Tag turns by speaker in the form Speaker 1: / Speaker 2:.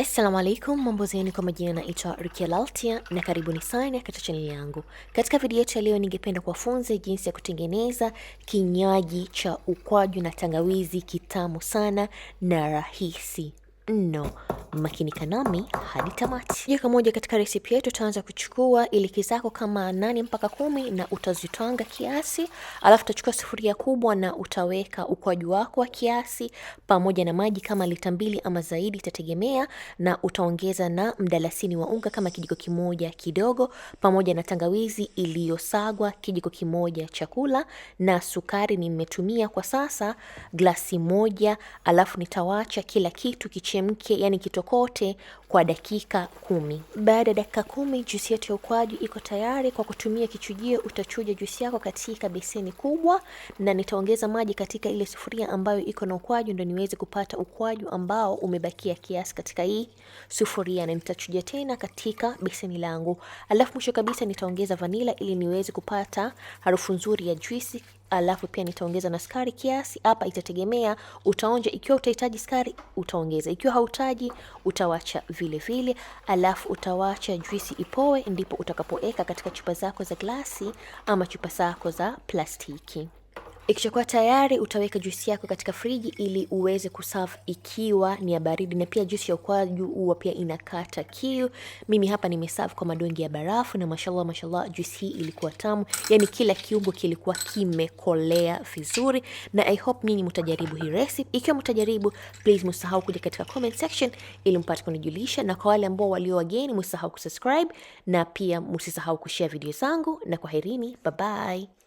Speaker 1: Assalamu alaikum, mambo zeni, kwa majina naitwa Rukia Laltia na karibuni sana katika chaneli yangu. Katika video yetu ya leo, ningependa kuwafunza jinsi ya kutengeneza kinywaji cha ukwaju na tangawizi kitamu sana na rahisi mno. Makinika nami hadi tamati. Jiko moja katika resipi yetu tutaanza kuchukua iliki zako kama nane mpaka kumi na utazitwanga kiasi, alafu utachukua sufuria kubwa na utaweka ukwaju wako wa kiasi pamoja na maji kama lita mbili ama zaidi itategemea, na utaongeza na mdalasini wa unga kama kijiko kimoja kidogo, pamoja na tangawizi iliyosagwa kijiko kimoja chakula, na sukari nimetumia kwa sasa glasi moja, alafu nitawacha kila kitu kichemke, yani kitu moto kote kwa dakika kumi. Baada ya dakika kumi, juisi yetu ya ukwaju iko tayari. Kwa kutumia kichujio, utachuja juisi yako katika beseni kubwa, na nitaongeza maji katika ile sufuria ambayo iko na ukwaju, ndio niweze kupata ukwaju ambao umebakia kiasi katika hii sufuria, na nitachuja tena katika beseni langu, alafu mwisho kabisa nitaongeza vanila ili niweze kupata harufu nzuri ya juisi alafu pia nitaongeza na sukari kiasi. Hapa itategemea utaonja, ikiwa utahitaji sukari utaongeza, ikiwa hautaji utawacha vile vile, alafu utawacha juisi ipoe, ndipo utakapoweka katika chupa zako za glasi ama chupa zako za plastiki. Ikishakuwa tayari utaweka juisi yako katika friji ili uweze kuserve ikiwa ni ya baridi, na pia juisi ya ukwaju huwa pia inakata kiu. Mimi hapa nimeserve kwa madonge ya barafu, na mashallah mashallah, juisi hii ilikuwa tamu, yani kila kiungo kilikuwa kimekolea vizuri, na I hope nyinyi mtajaribu hii recipe. Ikiwa mtajaribu, please msahau kuja katika comment section ili mpate kunijulisha, na kwa wale ambao walio wageni msahau kusubscribe na pia msisahau kushare video zangu, na kwaherini, bye bye.